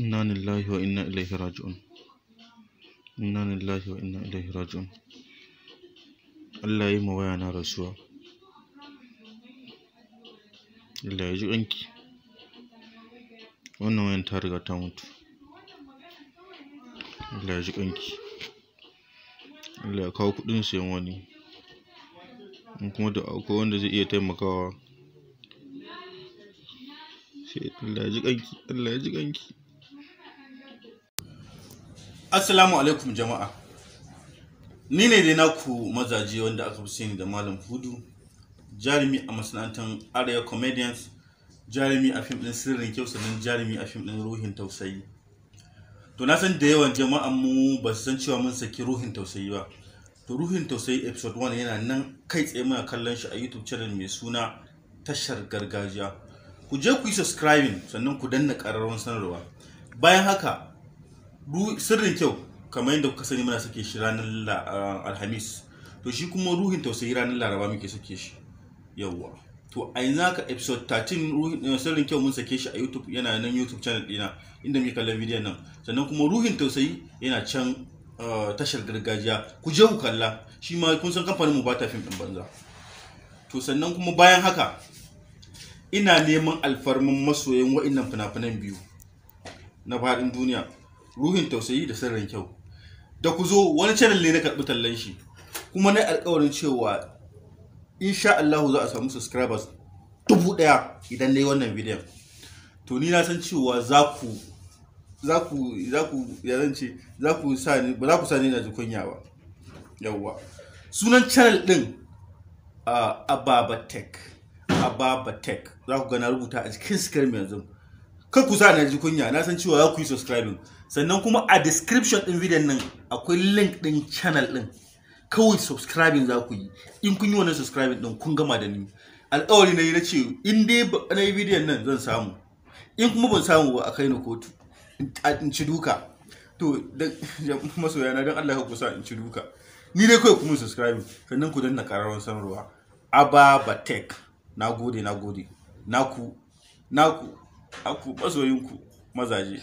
inna lillahi wa inna ilaihi raji'un inna lillahi wa yi ma waya na rasuwa Allah ya ji ƙanki wannan wayan ta riga ta mutu Allah ya ji kuɗin sayan wani in kuma akwai wanda zai iya taimakawa sai Allah ya ji ƙanki Allah ya ji ƙanki Assalamu alaikum jama'a. Ni ne dai naku mazaje wanda aka fi sani da Malam Hudu, jarumi a masana'antar Arya Comedians, jarumi a fim ɗin sirrin kyau sannan jarumi a fim ɗin ruhin tausayi. To na san da yawan jama'an mu ba su san cewa mun saki ruhin tausayi ba. To ruhin tausayi episode 1 yana nan kai tsaye muna kallon shi a YouTube channel mai suna tashar gargajiya. Ku je ku yi subscribing sannan ku danna ƙararrawar sanarwa. Bayan haka sirrin kyau kamar yadda kuka sani muna sake shi ranar alhamis to shi kuma ruhin tausayi ranar laraba muke sake shi yawwa to a yanzu haka episode 13 eh, sirrin kyau mun sake shi a youtube yana nan youtube channel dina inda muke kallon bidiyon nan sannan kuma ruhin tausayi yana can eh, tashar gargajiya ku je ku kalla shi ma kun san kamfanin mu ba ta fim din banza to sannan kuma bayan haka ina neman alfarmin masoyan wa'annan fina-finan biyu na faɗin duniya ruhin tausayi da sirrin kyau da ku zo wani channel ne na karɓi tallan shi kuma na alƙawarin cewa insha Allah za a samu subscribers dubu ɗaya idan na yi wannan bidiyon to ni na san cewa za ku za ku za ku ya zan ce za ku sa ni ba za ku sa ni na ji kunya ba yawa sunan channel ɗin a ah, Ababa Tech Ababa Tech za ku ga na rubuta a cikin screen yanzu kar ku sa na ji kunya na san cewa za ku yi subscribing sannan kuma a description din video nan akwai link din channel din kawai subscribing za ku yi in kun yi wannan subscribing din kun gama da ni alƙawari na yi na ce in dai na yi video nan zan samu in kuma ban samu ba a kai ni kotu in ci duka to masoya na don Allah ku sa in ci duka ni dai kawai kuma subscribe sannan ku danna kararrawar sanarwa ababa tech na gode na gode na ku na ku a aku mazoyinku mazaje